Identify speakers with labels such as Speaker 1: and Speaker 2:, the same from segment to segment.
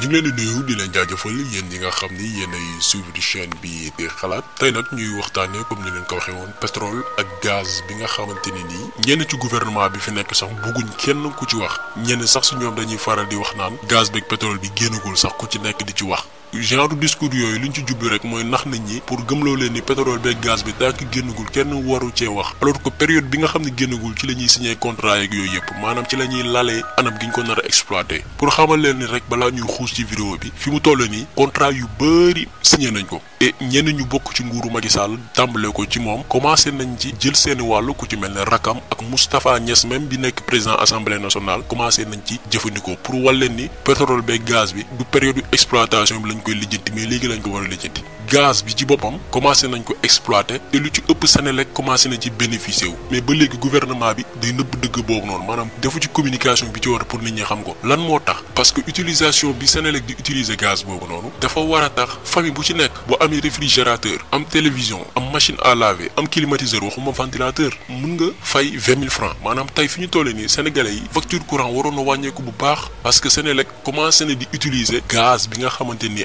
Speaker 1: ñu ngi leen di nuyu di leen jaajëfal yéen ñi nga xam ni yéen ay suivre bi di xalaat tey nag ñuy waxtaanee comme ni leen ko waxee woon pétrole ak gaz bi nga xamante ne nii ñenn ci gouvernement bi fi nekk sax bugguñ kenn ku ci wax ñenn sax suñoom dañuy faral di wax naan gaz beeg pétrole bi génnagul sax ku ci nekk di ci wax. genre discours yooyu li ñu ci jublu rek mooy nax nit ñi pour gëmloo leen ni pétrole beeg gaz bi tàkk génnagul kenn waru cee wax alors que période bi nga xam ne génnagul ci la ñuy signé contrat yeeg yooyu yëpp maanaam ci la ñuy lalee anam gi ñu ko nar a exploité pour xamal leen ni rek balaa ñuy xuus ci vidéo bi fi mu toll ni contrat yu bëri signé nañ ko et ñenn ñu bokk ci nguuru Macky Sall tàmbale ko ci moom commencé nañ ci jël seen wàllu ku ci mel ne rakam ak Moustapha Niass même bi nekk président assemblée nationale commencé nañ ci jëfandikoo pour wàll leen ni pétrole beeg bi du exploitation lañ koy lijjanti mais lañ ko war gaz bi ci bopam commencé nañ ko exploiter té lu ci ëpp Senelec commencé na ci bénéficier wu mais ba légui gouvernement bi day neub dëgg bok non manam defu ci communication bi ci wara pour nit ñi xam ko lan mo tax parce que utilisation bi Senelec di utiliser gaz bobu noonu dafa wara tax famille bu ci nek bu am réfrigérateur am télévision am machine à laver am climatiseur waxuma ventilateur mën nga fay 20000 francs manam tay fiñu ñu ni sénégalais yi facture courant waroon na wàññeeku bu baax parce que sénégalais commencé na di utiliser gaz bi nga xamanteni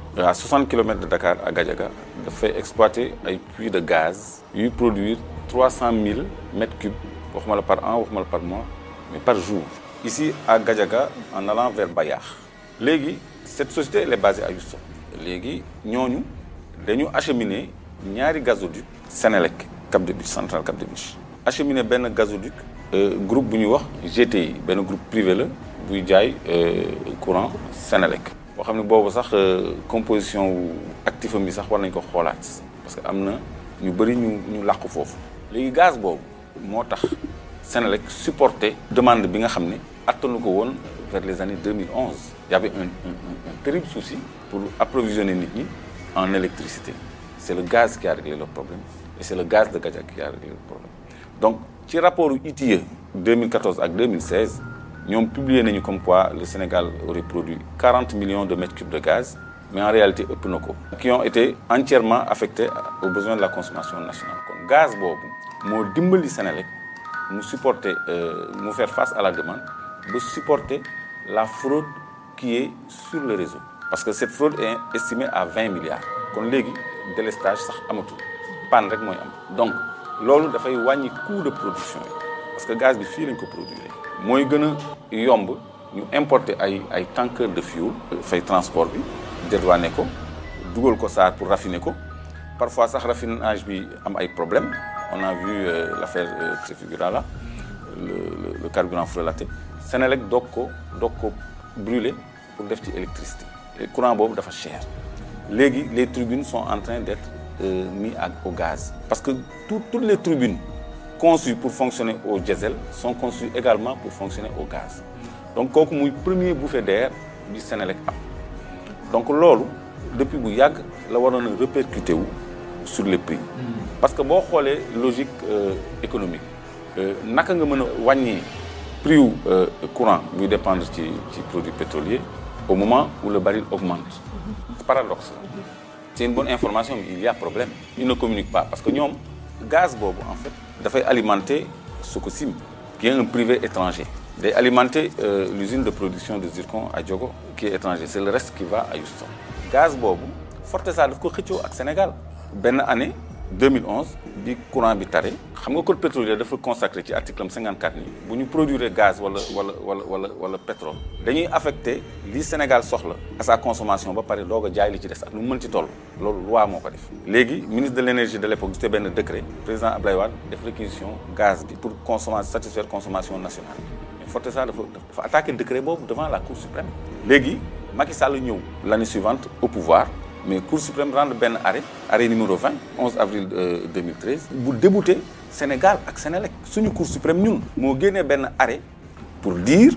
Speaker 2: Euh, à 60 km de Dakar à Gadiaga fait exploiter un puits de gaz et produit 300 000 m3, par an par mois mais par jour ici à Gadiaga en allant vers Bayar cette société est basée à Houston Nous avons acheminé acheminer gazoduc Sénélec Cap de Biche Central Cap de Biche Acheminé un gazoduc euh, groupe GTI le groupe privé la euh, courant Sénélec je sais que la sax euh, composition active actif très importante. sax ko parce que am na ñu de ñu ñu Le gaz boobu moo tax Senelec demande bi nga xam vers les années 2011 Il y avait un un un terrible souci pour approvisionner nit ñi en électricité c'est le gaz qui a réglé le problème et c'est le gaz de Gadja qui a réglé le problème donc ci rapport ITIE 2014 ak 2016 nous avons publié comme quoi le Sénégal aurait produit 40 millions de mètres cubes de gaz mais en réalité ils qui ont été entièrement affectés aux besoins de la consommation nationale Le gaz boobu nous supporter nous euh, faire face à la demande de supporter la fraude qui est sur le réseau parce que cette fraude est estimée à 20 milliards Donc, léegi délestage sax amatul panne rek Donc, donc fait un coût de production parce que le gaz est fii produire nous gëna yomb ñu importer ay ay de fuel. Euh, fay transport bi dédouané ko dugal ko saar pour raffiner parfois sax raffinage bi am ay problème on a vu euh, l'affaire euh, Trifigura, là le le carburant frelaté c'est doog ko doog brûler pour def ci électricité Le courant est dafa cher les tribunes sont en train d'être mis au gaz parce que tout toutes les tribunes conçus pour fonctionner au diesel sont conçus également pour fonctionner au gaz donc comme le premier bouffée d'air du Sénélec. donc l'or depuis bu Yag, la répercuté sur les prix parce que regarde la logique euh, économique euh, naka nga peut a le prix euh, courant qui dépendre du produit produits au moment où le baril augmente paradoxe c'est une bonne information mais il y a un problème ils ne communiquent pas parce que le gaz en fait fait alimenter Sokosim qui est un privé étranger d'alimenter alimenter euh, l'usine de production de zircon à Diogo qui est étranger c'est le reste qui va à Houston gaz Bobou, forte daf ko Sénégal Ben année 2011 le courant bi taré xam nga code pétrolier dafa consacré à l'article 54 ni bu ñu produire gaz ou wala wala wala pétrole dañuy affecté le Sénégal à sa consommation ba pare doog des loi Le ministre de l'Énergie de l'époque a gis un décret président Abdoulaye Wade def réquisition gaz pour satisfaire la consommation nationale Il a attaqué dafa décret devant la cour suprême Maintenant, Macky Sall ñëw venu l'année suivante au pouvoir mais Cour suprême rend ben arrêt arrêt numéro 20 11 avril 2013 pour débouter Sénégal et Sénélec suñu Cour suprême nous nous avons ben arrêt pour dire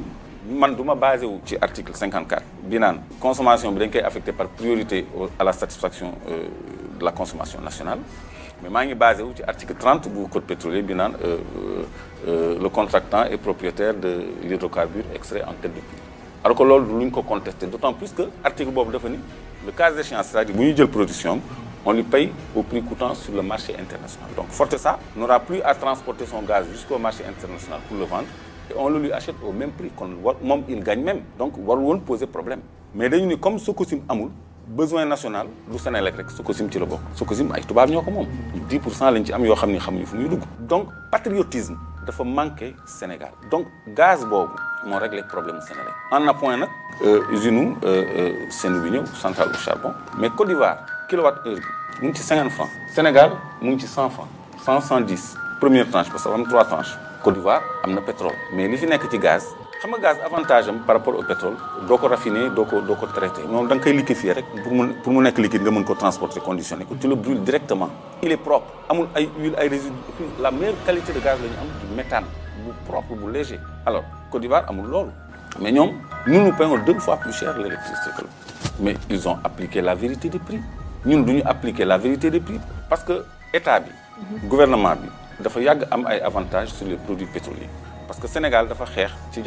Speaker 2: Je je suis basé sur l'article 54 la consommation est affectée par priorité à la satisfaction euh, de la consommation nationale mais je suis basé sur l'article 30 du code pétrolier euh, euh, le contractant est propriétaire de l'hydrocarbure extrait en tête de puits alors que ne luñ ko contesté d'autant plus que l'article est défini le cas échéant, c'est-à-dire que production, on lui paye au prix coûtant sur le marché international. Donc ça, n'aura plus à transporter son gaz jusqu'au marché international pour le vendre et on le lui achète au même prix qu'on il gagne même. Donc pas poser problème. Mais comme ce costume amul besoin national du Sénégal rek ce ci le bok. Ce costume ay le ñoko mom 10% de am yo Donc patriotisme faut manquer Sénégal. Donc gaz moo réglé problème au Sénégal en appoint nag euh, usine u euh, euh, seen bi ñëw centrale au charbon mais Côte d'Ivoire kilowatt heure bi ci 50 francs Sénégal mu ngi ci 100 francs 110 première tranche parce que am trois tranches Côte d'Ivoire am na pétrole mais li fi nekk ci gaz xam nga gaz avantage par rapport au pétrole doo ko raffiné doo ko doo ko traité Il da nga rek pour mu pour mu nekk liquide nga mën ko transporter conditionné tu le brûles directement il est propre amul ay huile ay résidus la meilleure qualité de gaz la ñu am du méthane propre léger alors Côte d'Ivoire amul mais nous nous payons deux fois plus cher l'électricité que mais ils ont appliqué la vérité des prix Nous, nous appliquer la vérité des prix parce que état bi mhm. gouvernement bi dafa avantages sur les produits pétroliers parce que le Sénégal dafa ci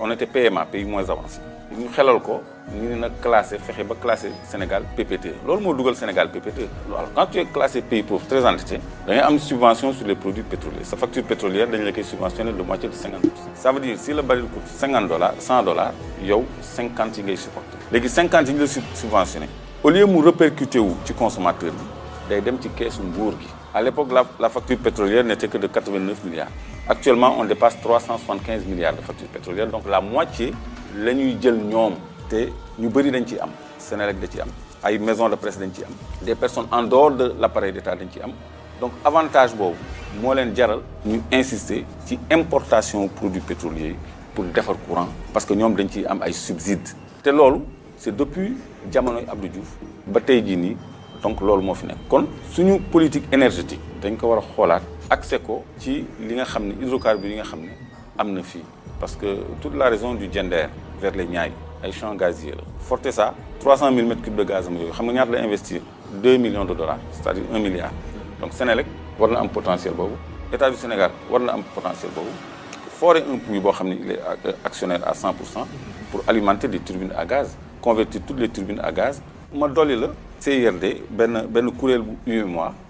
Speaker 2: on était PMA pays moins avancé ñu avons ko ñu classé le ba classé Sénégal PPT loolu mo Sénégal PPT. quand tu es classé pays pauvre très endetté tu as am subvention sur les produits pétroliers sa facture pétrolière dañ la de moitié de 50 ça veut dire que si le baril coûte 50 dollars 100 dollars yow 50 yi ngay supporté légui 50 yi ñu subventionné au lieu mu répercuter wu ci consommateur bi day dem ci caisse nguur à l'époque, la, facture pétrolière n'était que de 89 milliards. Actuellement, on dépasse 375 milliards de factures pétrolières. Donc la moitié, la ñuy jël ñom té ñu bari dañ ci am ci am ay maison de presse dañ ci am des personnes en dehors de l'appareil d'État dañ donc avantage c'est mo leen jaral ñu insister ci importation produits pétroliers pour défaut courant parce que ñom dañ des am ay subsides Té lolu c'est depuis jamonoy Abdou Diouf ba tay ji donc c'est ce fi nekk kon suñu politique énergétique dañ ko accès ko ci parce que toute la raison du gender vers les miailles les champs gaziers forter ça, 300 000 mètres cubes de gaz On investir 2 millions de dollars c'est-à-dire 1 milliard donc Sénélec war a un potentiel L'État du Sénégal war na am potentiel Il forer un puits euh, actionnaire à 100 pour pour alimenter des turbines à gaz convertir toutes les turbines à gaz ma la CIRD Ben ben courriel e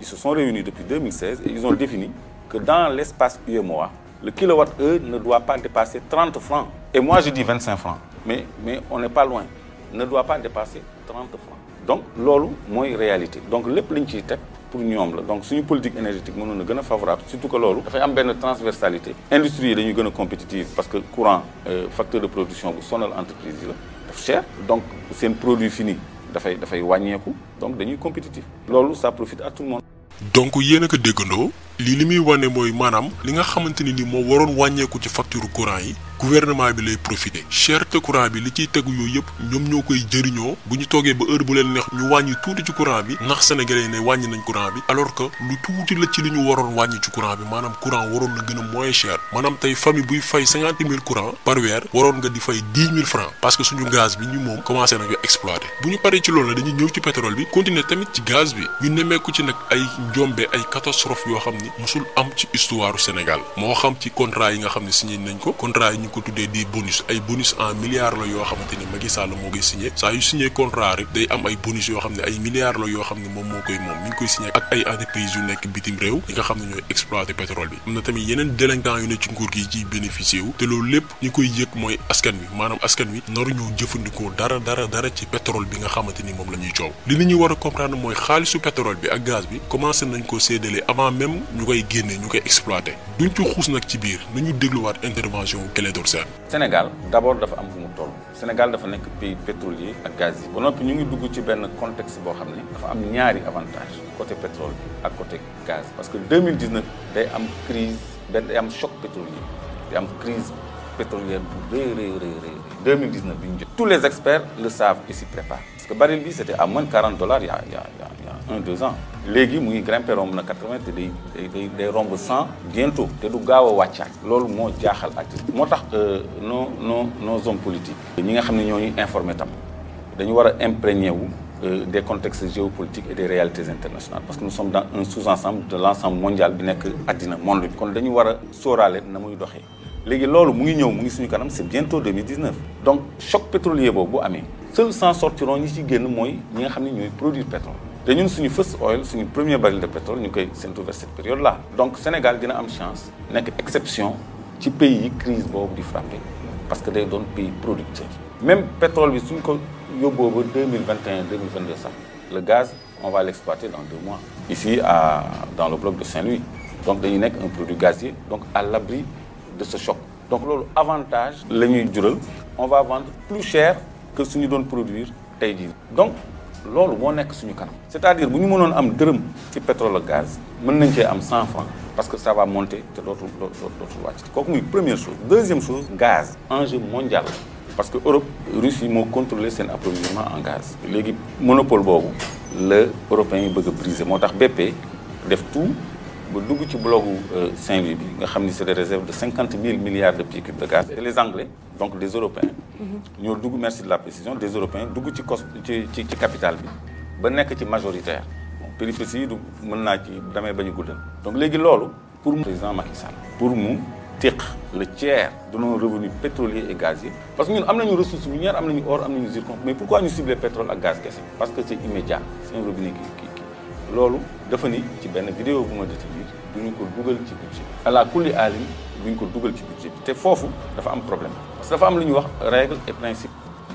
Speaker 2: ils se sont réunis depuis 2016 et ils ont défini que dans l'espace UEMOA le kilowatt-heure ne doit pas dépasser 30 francs et moi je dis 25 francs mais mais on n'est pas loin ne doit pas dépasser 30 francs donc c'est une réalité donc les liñ pour nous, la donc suñu politique énergétique nous na favorables favorable surtout que loolu dafay am transversalité industrie est compétitive parce que courant euh, facteur de production son entreprise est cher donc c'est un produit fini dafay dafay
Speaker 1: wàññeeku donc dañuy compétitif loolu ça profite à tout donc yéen a ko déggandoo lii li muy wane mooy maanaam li nga xamante ni ni moo waroon wàññeeku ci facture courant yi. gouvernement bi lay profité cherté courant bi li ciy tegu yooyu yëpp ñoom ñoo koy jëriñoo bu ñu toogee ba heure bu leen neex ñu wàññi tuuti ci courant bi ndax sénégalais yi ne wàññi nañ courant bi alors que lu tuuti la ci li ñu waroon wàññi ci courant bi maanaam courant waroon na gën a moins cher maanaam tey famille buy fay courant par waroon nga di fay dix parce que suñu gaz bi ñu moom commencé nañu exploité bu ñu paree ci loolu la dañuy ñëw ci pétrole bi continuer tamit ci gaz bi ñu nemmeeku ci nag ay njombe yoo xam ni mosul am ci histoire Sénégal moo xam ci contrat yi nga xam ne signé nañ ko ko tuddee di bonus ay bonus en milliards la yoo xamante ni Macky Sall moo koy signé saa yu signé contrat day am ay bonus yoo xam ne ay milliards la yoo xam ne moom moo koy moom mi ngi koy signé ak ay entreprises yu nekk bitim réew yi nga xam ne ñooy exploité pétrole bi am na tamit yeneen délinquants yu ne ci nguur gi ciy bénéficié wu te loolu lépp ñi koy yëg mooy askan wi maanaam askan wi naru ñu jëfandikoo dara dara dara ci pétrole bi nga xamante Sénégal
Speaker 2: d'abord dafa am a mu Sénégal est un pays pétrolier et gaz yi avons noppi ñu contexte boo xam dafa am ñaari avantage côté pétrole et côté gaz parce que 2019 day am crise une crise, un choc pétrolier a une crise pétrolière pour 2019 tous les experts le savent et s'y préparent parce que baril bi c'était à moins de 40 dollars il y a un ou deux ans les mu ngi grimpé romb 80 100 bientôt T'es du gars a wàccaat Lors mon jaaxal artiste Moi, euh, nos nos nos hommes politiques nous nga xam informé tam euh, des contextes géopolitiques et des réalités internationales parce que nous sommes dans un sous-ensemble de l'ensemble mondial bi nekk àddina monde kon dañu war a nous c'est bientôt 2019 donc choc pétrolier boobu bu seul sans sortiront ñi ci génn ñi produire pétrole nous sommes une first oil premier baril de pétrole qui koy vers cette période là. donc Sénégal a une chance une exception ci pays crise va di frappé parce que c'est un pays producteur. même pétrole bi suñ ko 2021-2022, le gaz on va l'exploiter dans deux mois. ici à dans le bloc de Saint-Louis donc nous nekk un produit gazier donc à l'abri de ce choc. donc l'avantage avantage on va vendre plus cher que suñu que produire donc loolu mo nek suñu kanam c'est-à-dire buñu mënon am sur ci pétrole le gaz mën nañ ci am 100 francs parce que ça va monter C'est dootul dootul muy première chose deuxième chose gaz enjeu mondial parce que Europe Russie a contrôlé son approvisionnement en gaz Le monopole bobu le européens yi bëgg briser motax BP def tout ba dugg ci blogu euh, Saint-Louis bi nga xam ni c'est des réserves de 50 000 milliards de pieds cubes de gaz. et les Anglais donc des Européens. Mhm. ñoo dugg merci de la précision des Européens dugg ci cos ci ci ci capitale bi ba nekk ci majoritaire péripéties yi du mën naa ci damay bañ a guddal. donc léegi loolu pour mu président Macky Sall pour mu tiq le tiers de nos revenus pétroliers et gaziers parce que ñun am nañu ressources minière am nañu or am nañu zircon mais pourquoi ñu cibler pétrole ak gaz kese parce que c'est immédiat c'est un robinet qui, qui kii loolu dafa ni ci benn vidéo bu ma détaillé. Vous avez ci budget ala un problème parce que dafa règle et principe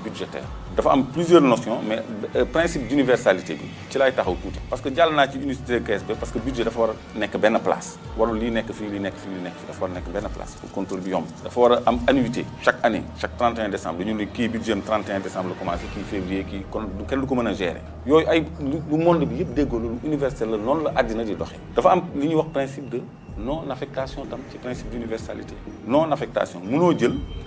Speaker 2: budgétaire dafa am plusieurs notions mais euh, principe d'universalité bi ci lay taxaw tuuti parce que jàll naa ci unicité de caisse parce que budget dafa être a nekk place Il doit être fii lii nekk fii lii nekk fii dafa war place pour contrôle du yomb dafa am annuité chaque année chaque 31 décembre dañu ne kii budget 31 décembre le commencé qui février qui kon kenn du ko mën gérer yooyu ay monde bi dégoûté, déggoo loolu universel non a la Il di doxee dafa am principe de non affectation tam ci principe d'universalité non affectation munoo jël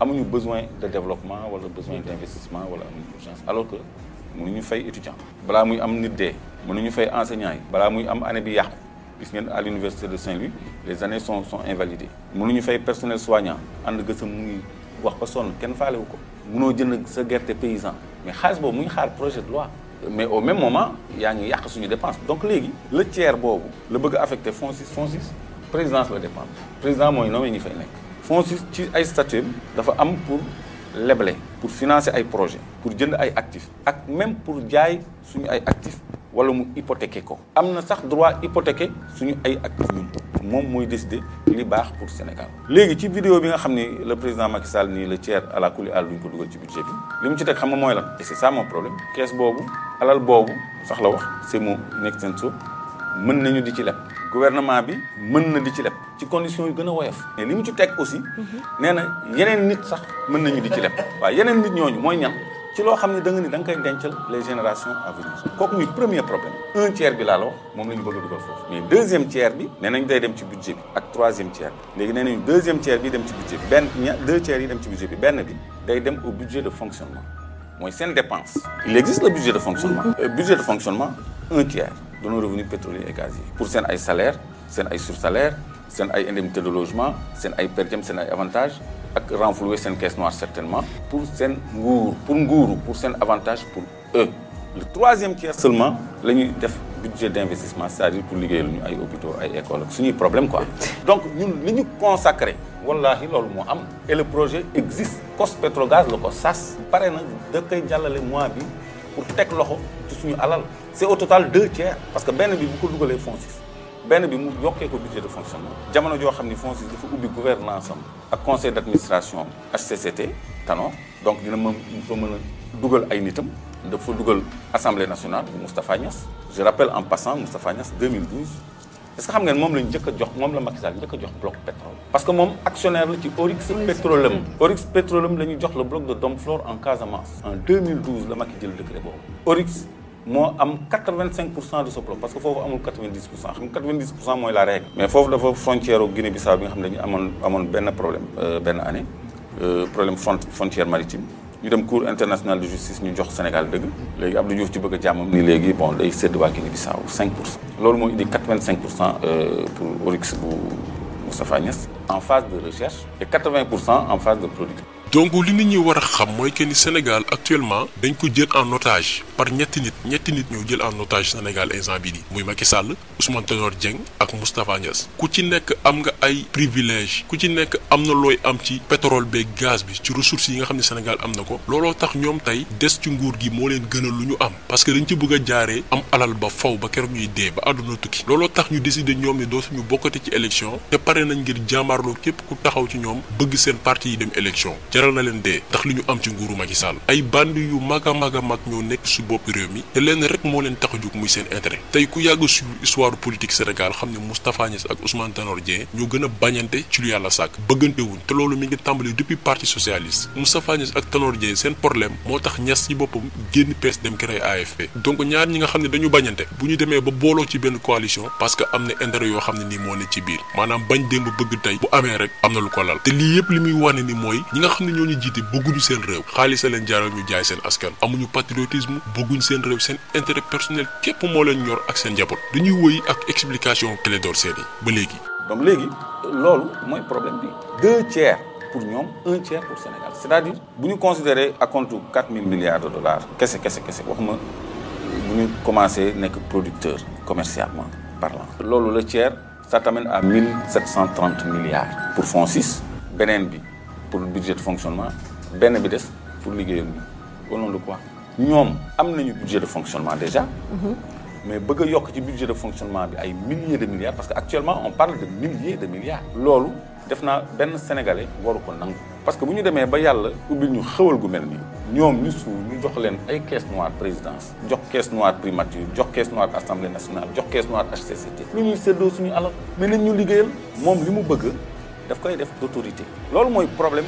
Speaker 2: amuñu besoin de développement wala besoin d'investissement, ou wala amuñu urgence alors que mënuñu fay étudiant balaa muy am nit dee mënuñu fay enseignant yi muy am année bi yàqu gis à l'université de Saint-Louis les années sont sont invalidées mënuñu fay personnel soignant ànd gësam mu ngi wax ba sonn kenn faalewu ko mënoo jënd sa gerte paysan mais xaalis boobu mu xaar projet de loi mais au même moment yaa ngi yàq suñu dépense donc léegi le tiers boobu la bëgg a affecté fonds six présidence le dépendre président mooy nommé ñi fay nekk fonds ci ay statut dafa am pour leble pour financer ay projet pour jënd ay actifs ak même pour jaay suñu ay actifs wala mu hypothéquer ko amna sax droit hypothéquer suñu ay actifs ñun mom moy décider li baax pour Sénégal légui ci vidéo bi nga xam le président Macky Sall le tiers à la kuli al duñ ko duggal ci budget bi li ci tek xam nga mooy lan c'est ça mon problème caisse bobu alal bobu sax la wax c'est mon nekk seen mën nañu di ci leb gouvernement bi mën na di ci leb ci condition yu gën a woyof mais li mu ci teg aussi nee na yeneen nit sax mën nañu di ci leb waaw yeneen nit ñooñu mooy ñan ci loo xam ne da nga ni da nga koy dencal les générations à venir kooku muy premier problème un tiers bi laa la wax moom la ñu bëgg a dugal foofu mais deuxième tiers bi nee nañ day dem ci budget bi ak troisième tiers bi léegi nee nañu deuxième tiers bi dem ci budget bi benn ña deux tiers yi dem ci budget bi benn bi day dem au budget de fonctionnement mooy seen dépense il existe le budget de fonctionnement euh, budget de fonctionnement un tiers nos revenus pétroliers et gaziers pour seen ay salaire sursalaires, ay sursalaire indemnité de logement seen ay per avantages et avantage ak renflouer seen caisse noire certainement pour seen qui pour nguuru pour avantage pour eux le troisième tiers seulement le budget d'investissement c'est-à-dire pour les hôpitaux ay hôpitaux ay écoles C'est un problème quoi donc nous nous consacrer. wallahi et le projet existe COS pétro la le sas pare na da koy mois pour teg loxo ci suñu alal c'est au total deux tiers parce que ben bi bu ko fonds 6. ben bi mu yokkee ko budget de fonctionnement jamono a xam fonds il dafa ubbi gouvernance am ak conseil d'administration administration HCCT Tanor donc dina mën fa mën a dugal ay nitam assemblée nationale Mustafa Moustapha Niass je rappelle en passant Moustapha Niass 2012 est-ce que xam ngeen la Macky Sall jox bloc pétrole parce que mon actionnaire la ci Oryx Petroleum Oryx Petroleum lañu jox le bloc de Domflor en Casamance en 2012 le Macky le décret Oryx mo am 85 de ce bloc parce que faut amul 90 90 moy la règle mais fofu dafa frontière au Guinée-Bissau bi nga xam un dañu problème de euh, année euh, problème frontière maritime nous sommes cours international de justice ñu jox Sénégal Les léegi Abdou Diouf ci bëgg a ni léegi bon day de 5 pour il dit 85 pour euh, pour Oryx Moussa Fagnès. en phase de recherche et 80 en phase de
Speaker 1: production donc li nit ñi war a xam mooy que ni Sénégal actuellement dañ ko jël en otage par ñetti nit ñetti nit ñoo jël en otage Sénégal instant bii nii muy Macky Sall Ousmane Tanor Dieng ak Moustapha Niass ku ci nekk am nga ay privilège ku ci nekk am na looy am ci pétrole beeg gaz bi ci ressources yi nga xam ne Sénégal am na ko looloo tax ñoom tey des ci nguur gi moo leen gënal lu ñu am parce que dañ ci bëgg a jaaree am alal ba faw ba keroog ñuy dee ba àdduna tukki looloo tax ñu décidé ñoom ni dootuñu bokkati ci élection te pare nañ ngir jàmbaarloo képp ku taxaw ci ñoom bëgg seen parti yi dem élection jaral na leen dee ndax li ñu am ci nguuru Macky Sall ay bandi yu mag a mag mag ñoo nekk si bopp réew mi te leen rek moo leen tax a muy seen intérêt tey ku yàgg suivre histoire politique Sénégal xam ne Moustapha Niass ak Ousmane Tanor Dieng ñoo gën a bañante ci lu yàlla sàkk bëggantewuñ te loolu mi ngi tàmbali depuis parti socialiste Moustapha Niass ak Tanor seen problème moo tax Niass ci boppam génn PS dem créé AFP donc ñaar ñi nga xam ne dañu bañante bu ñu demee ba booloo ci benn coalition parce que am na intérêt yoo xam ne nii moo ne ci biir maanaam bañ démb tey bu rek am na lu ko lal te lii yëpp li muy wane ni mooy ne ñoo ñu seen leen patriotisme bëgguñ seen intérêt personnel képp leen ñor ak seen explication ba
Speaker 2: donc problème bi deux tiers pour nous, un tiers pour Sénégal c'est-à-dire bu à compte quatre milliards de dollars kese kese que nous ñu commencé nekk producteur commercialement parlant loolu le tiers ça t'amène à 1730 milliards pour Francis. 6 pour le budget de fonctionnement ben pour le au nom de quoi budget de fonctionnement déjà mhm. mais y a budget de fonctionnement milliers de milliards parce qu'actuellement, on parle de milliers de milliards sénégalais parce que si nous ba de ñu nous gu nous nous présidence caisse primature jox caisse noire assemblée nationale jox caisse noire HCCT mais ñu daf koy def d'autorité loolu mooy problème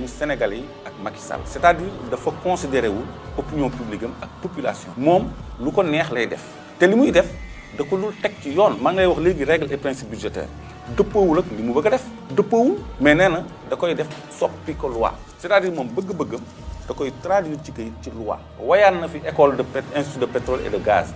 Speaker 2: mu sénégalais yi ak Macky Sall c'est-à-dire dafa considéré wu opinion publique am ak population moom lu ko neex lay def te li muy def da ko lul teg ci yoon maa ngi lay wax léegi règle et principe budgétaire dëppoowul ak li mu bëgg a def dëppoowul mais nee na da koy def soppi ko loi c'est-à-dire moom bëgg-bëggam da koy traduire ci kay ci loi wayaan na fi école de institut de pétrole et de gaz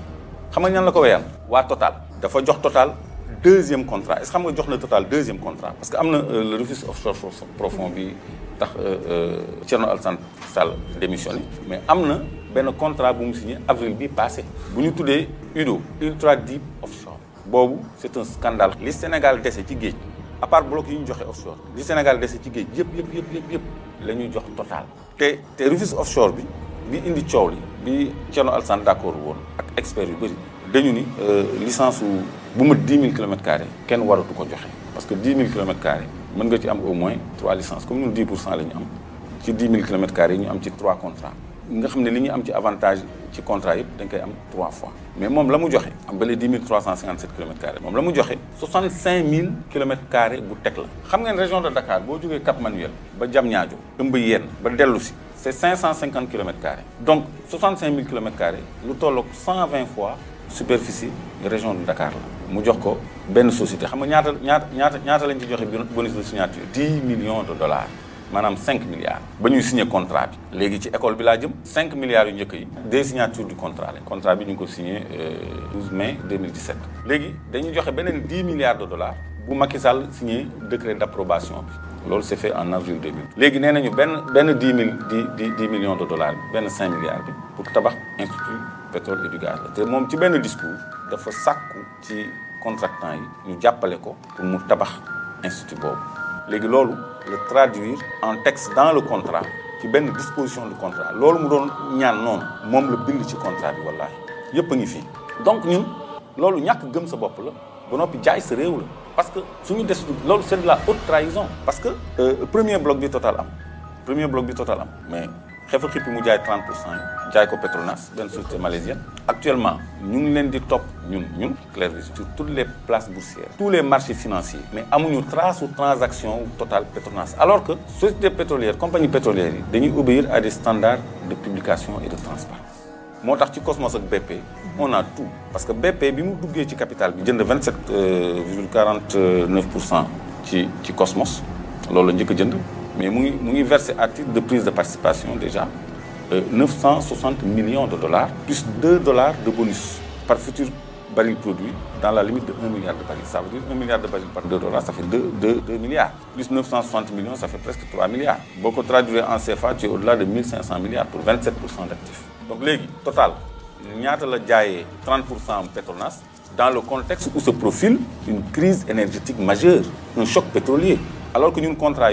Speaker 2: xam nga ñan la ko wayaan waa Total dafa jox Total deuxième contrat est-ce que xam nga jox total deuxième contrat parce que euh, le refuge offshore profond bi tax euh, euh, Thierno Alassane Sall démissionné mais am ben benn contrat bu été signé avril bi passé bu ñu tuddee UDO ultra deep offshore Bobou, c'est un scandale Le Sénégal dese ci à part bloc yi ñu offshore le Sénégal dese ci géej yëpp yëpp yëpp yëpp yëpp la jox total Et le refuge offshore bi bi indi coow bi Thierno Alassane d'accord avec ak Il yu bëri dañu ni licence si ma 10 000 kilomètres carrés le joxe parce que 10 000 km², carrés au moins 3 licences comme nous 10 10 000 km², 3 contrats. nga avons un am avantage ci contrat contrats dañ 3 fois mais ce la joxe am 10 357 km². Ce moom la joxe 65 000 km² de bu la. région de Dakar vous jógee Cap Manuel ba Diamniadio ëmb yenn ba 550 km donc 65 000 km², carrés lu 120 fois superficie de la région de Dakar mu jox ko benn société xam nga ñaata ñaata ñaata lañ ci joxe bonus de signature 10 millions de dollars maanaam 5 milliards ba ñuy signé contrat bi léegi ci école bi laa jëm 5 milliards yu njëkk yi des signatures du contrat Le contrat bi ñu signé ko signé 12 euh, mai 2017 léegi dañuy joxe beneen 10 milliards de dollars bu Macky Sall signé décret d'approbation bi loolu c'est fait en avril 2000 léegi nee nañu benn benn 10 10 millions de dollars benn 5 milliards bi pour tabax institut pétrole et du gaz la mon petit ci benn discours dafa sàkku ci contractant yi ñu jàppale ko pour mu tabac. institut Bob. léegi loolu le traduire en texte dans le contrat ci benn disposition du contrat loolu mu n'y ñaan non, moom le bind ci contrat bi wallaahi yëpp a ngi fii donc ñun loolu ñàkk gëm sa bopp la ba Bon, jaay sa réew la parce que suñu des loolu c'est de la haute trahison parce que euh, premier bloc du total premier bloc du total mais xeefu xippi mu jaay 30 de cent jaay ko Petronas benn société malaisienne actuellement nous sommes les di topp Clair sur toutes les places boursières tous les marchés financiers mais amuñu trace ou transaction totale Petronas alors que société pétrolière compagnie pétrolière nous dañuy obéir à des standards de publication et de transparence moo tax ci Cosmos ak BP on a tout parce que BP bi mu duggee ci capital bi jënd 27,49% de euh, ci ci Cosmos loolu la njëkk jënd mais nous avons à titre de prise de participation déjà 960 euh, millions de dollars plus 2 dollars de bonus par futur baril produit dans la limite de 1 milliard de barils. Ça veut dire 1 milliard de barils par 2 dollars, ça fait 2, milliards. Plus 960 millions, ça fait presque 3 milliards. Beaucoup traduit en CFA, tu es au-delà de 1500 milliards pour 27% d'actifs. Donc, les total, il y a 30% Petronas dans le contexte où se profile une crise énergétique majeure, un choc pétrolier. Alors que nous, contrat,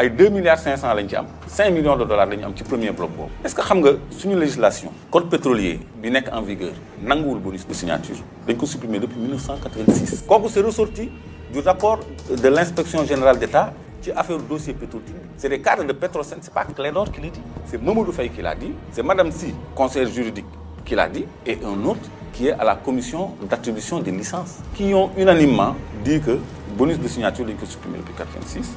Speaker 2: ay 2 milliards 500 lañ 5 millions de dollars lañ am ci premier bloc est-ce que xam nga suñu législation code pétrolier bi est en vigueur le bonus de signature dañ ko supprimer depuis 1986 kooku c'est ressorti du rapport de l'inspection générale d'État fait le dossier pétrolier. c'est des cadres de ce c'est pas Clédor qui l'a dit c'est Mamadou Faye qui l'a dit c'est madame Sy conseillère juridique qui l'a dit et un autre qui est à la commission d'attribution des licences qui ont unanimement dit que bonus de signature dañ ko supprimer depuis 1986.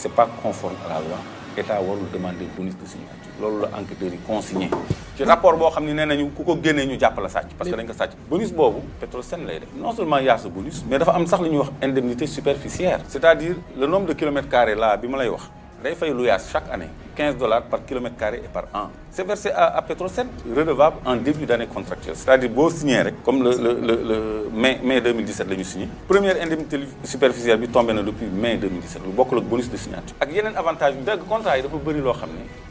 Speaker 2: Ce n'est pas conforme à la loi état nous demander bonus de signature ce que l'enquêteur consigner. consigné Le rapport boo xam ne nee nañu ku ko génnee ñu jàppale parce que dañ ko sàcc bonus boobu Petrosen lay non seulement a ce bonus mais dafa am sax li indemnité superficielle cest à dire le nombre de kilomètres carrés là je vous day fay chaque année 15 dollars par kilomètre carré et par an c'est versé à, à renouvelable redevable en début d'année contractuelle c'est-à-dire si signé comme le mai 2017 le premier signé première indemnité superficielle bi tombé depuis mai 2017 Beaucoup bokkul bonus de signature Avec avantage le contrat dafa bëri contrat,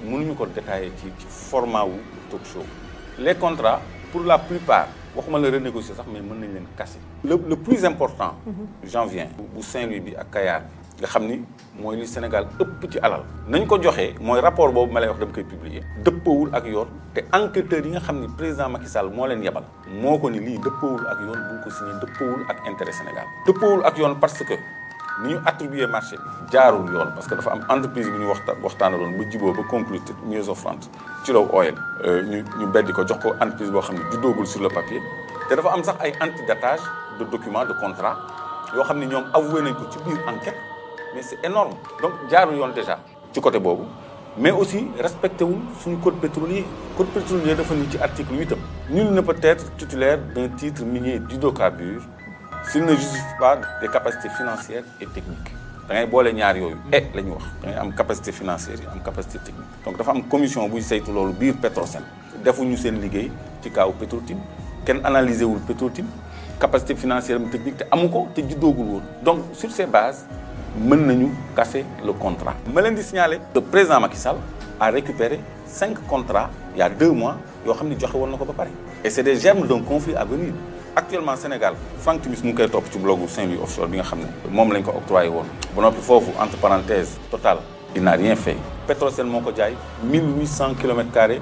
Speaker 2: on ne détailler format le talk show les contrats pour la plupart waxuma la renégocier sax mais mën nañ les casser le plus important j'en viens au Saint-Louis à Kayar nga xam ni mooy li Sénégal ëpp ci alal nañ ko joxe mooy rapport boobu ma lay wax dama koy publier dëppawul ak yoon te enquêteur yi nga xam ni président Macky Sall moo leen yebal moo ko ni lii dëppawul ak yoon bu ko signé dëppawul ak intérêt Sénégal dëppawul ak yoon parce que ni ñu attribuer marché jaarul yoon parce que dafa am entreprise bu ñu waxta waxtaanaloon ba jiboo ba conclure mieux offrante ci law oil euh, ñu ñu beddi ko jox ko entreprise boo xam ne juddoogul sur le papier te dafa am sax ay antidatage de document de contrat yoo xam ne ñoom avoué nañ ko ci biir enquête mais c'est énorme donc Diarou y déjà du côté Bobo, mais aussi respecté sur le code pétrolier code pétrolier est l'article ci article 8. nul ne peut être titulaire d'un titre minier d'hydrocarbures s'il ne justifie pas des capacités financières et techniques Il ngay les ñaar yooyu e la wax ngay am capacité financière capacité technique donc dafa am commission le saytu loolu biir Petrosen nous seen analysé ci kaaw les capacités financières analyser le pétrole, La capacité financière et technique te dit te donc sur ces bases mën nañu casser le contrat Je vous di signaler que président Macky Sall a récupéré 5 contrats il y a 2 mois yoo xam ne joxe woon ba et c'est des germes d'un conflit à venir actuellement Sénégal Franck Timis mu ngi sur le ci blogu Saint-Louis offshore bi nga xam ne lañ ko octroyé woon ba noppi entre parenthèses Total il n'a rien fait Petrosen moo jaay 1800 kilomètres carrés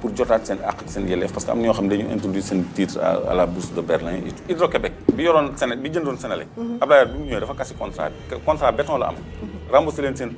Speaker 2: pour jotaat seen àq ak seen yelleef parce que am na ñoo xam dañu introduire seen titre à la bourse de Berlin Hydro-Québec bi yoroon Séné bi jëndoon Sénélec mhm. Abdoulaye bi mu ñëwee dafa kasi contrat bi contrat béton la am mhm. remboursé leen seen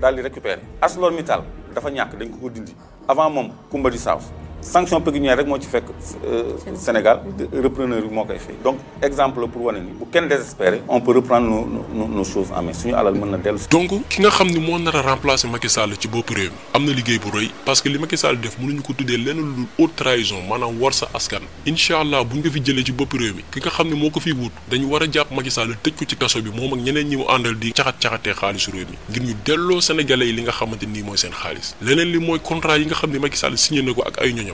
Speaker 2: daal di récupérer aslor ArcelorMittal dafa ñàkk dañ ko ko dindi avant moom di South sanction pécuniaire rek mo ci fekk euh, Sénégal mm-hmm. repreneur mo koy fay donc exemple pour wane ni bu kenn désespéré on peut reprendre nos nos nos choses en main suñu alal mën na donc
Speaker 1: ki nga xamni mo na remplacer Macky Sall ci bop réew amna liguey bu rëy parce que li Macky Sall def mënuñu ko tuddee lenn lu haute trahison manam war sa askan. inshallah buñ ko fi jëlé ci bop réew mi ki nga xamni moko fi wut dañu wara japp Macky Sall tecc ko ci kaso bi mom ak ñeneen ñi mu andal di xaxat xaxaté xaalis réew mi ngir ñu delloo sénégalais yi li nga xamante nii mooy seen xaalis leneen li moy contrat yi nga xamni Macky Sall signé na ak ay ñoñam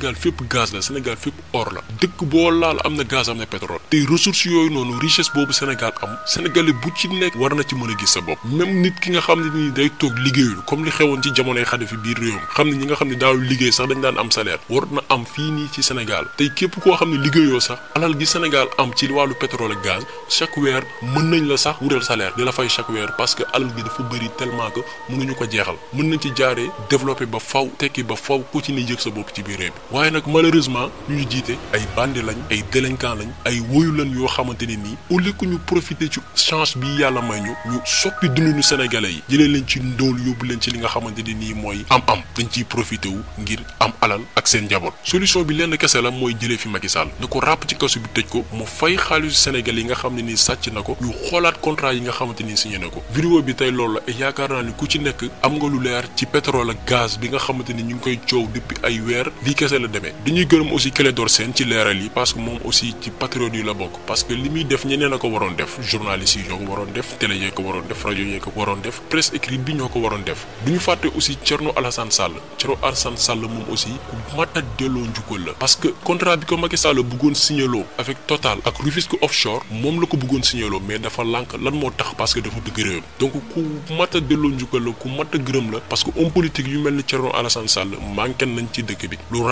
Speaker 1: Sénégal fépp gaz la Sénégal fépp or la dëkk boo laal am na gaz am na pétrole te ressources yooyu noonu richesse boobu Sénégal am Sénégalais bu ci nekk war na ci mën a gis sa bopp même nit ki nga xam ne ni day toog liggéeyul comme li xewoon ci jamonoy Xadafi biir réew mi xam ne ñi nga xam ne daaw liggéey sax dañ daan am salaire war na am fii nii ci Sénégal tey képp koo xam ne liggéeyoo sax alal gi Sénégal am ci wàllu pétrole ak gaz chaque weer mën nañ la sax wutal salaire di la parce que alal gi dafa bëri tellement que ko jeexal mën nañ ci jaaree développer ba faw tekki ba faw ku ci ni yëg ci biir waaye nag malheureusement ñuy jiite ay bandi lañ ay délinquant lañ ay woyu lañ yoo xamante ne nii au lieu ñu profiter ci chance bi yàlla may ñu ñu soppi dundinu sénégalais yi jëlee leen ci ndóol yóbbu leen ci li nga xamante ne nii mooy am-am dañ ciy profité wu ngir am alal ak seen njaboot solution bi lenn kese la mooy jëlee fi Macky Sall na ko ràpp ci kaso bi tëj ko mu fay xaalisu Sénégal yi nga xam ne ni sàcc na ko ñu xoolaat contrat yi nga xamante ni signé na ko vidéo bi tey loolu yaakaar naa ni ku ci nekk am nga lu leer ci pétrole ak gaz bi nga xamante ni ñu ngi koy coow depuis ay weer kese la demee dañuy gërëm aussi Clédor Sène ci leeral yi parce que moom aussi ci patriote yi la bokk parce que li muy def ñeneen a ko waroon def journaliste yi ñoo ko waroon def télé yee ko waroon def rajo yee ko waroon def presse écrite bi ñoo ko waroon def duñu fàtte aussi Thierno Alassane Sall Thierno Alassane Sall moom aussi ku mat a delloo njukkal la parce que contrat bi ko Macky Sall signé signaloo avec Total ak Rufisque offshore moom la ko signé signaloo mais dafa lànk lan moo tax parce que dafa dëgg réew donc ku mat a delloo njukkal la ku mat a gërëm la parce que homme politique yu mel ni Thierno Alassane Sall manqué nañ ci dëkk bi